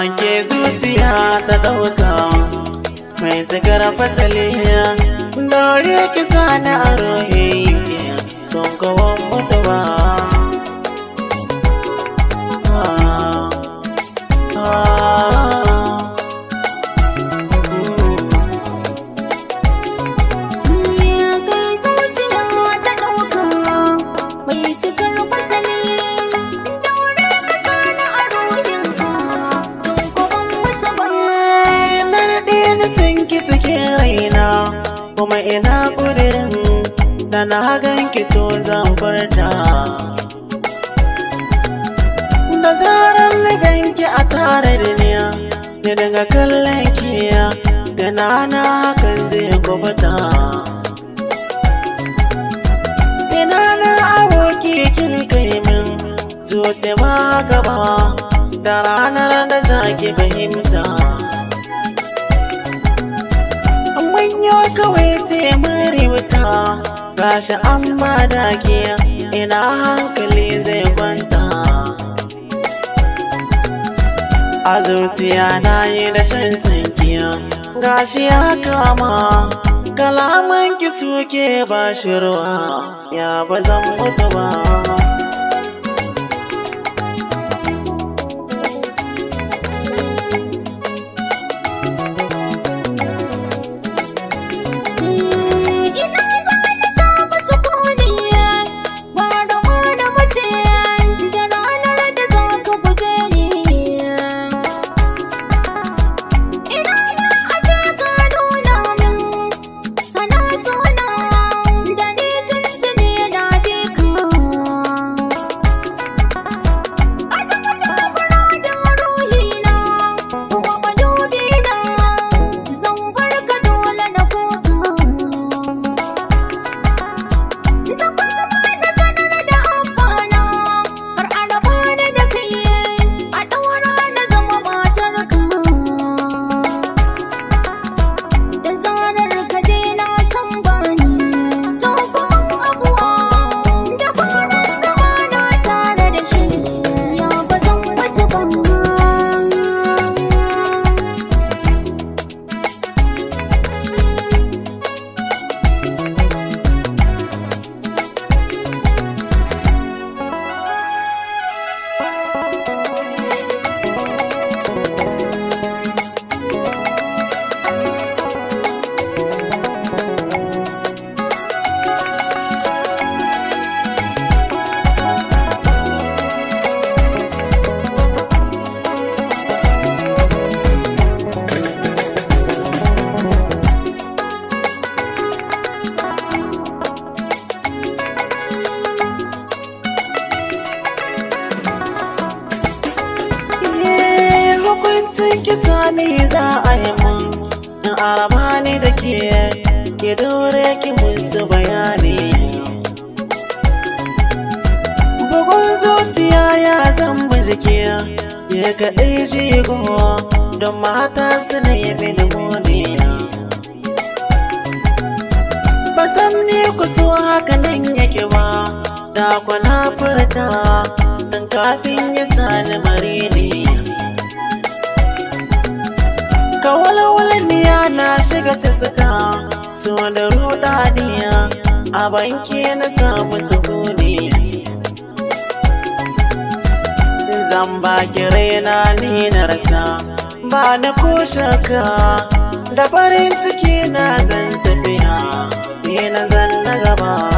wanke zuciya ta ɗauka mai tsakar fasaliya dore ki kisa na arohe ki raina kuma ina ƙudirin da na gan ki to zan furta da zarar na gan ki a tare da ni da daga kallon ki da na na hakan zai gubata ina na aboki ki kai min zuwa ma gaba da ranar da zaki fahimta gashi an ba dakiya ina hankali zai kwanta a zuciya na yi da shan sankiya gashi ya kama kalaman ki suke ba shi ruwa ya ba zan mutu ba a da ke ke daure ki musu bayani bugun zuciya ya zan jiki ya kaɗai jigo don mata ne yi da godiya ba san ni kuso haka nan yake ba da kwana furta don kafin ya sani marini ka walwala gata suka su da diya a banki na samu sukuni zan baki raina ni na rasa ba na ko shaka da farin ciki na zan tafiya ni na zan na gaba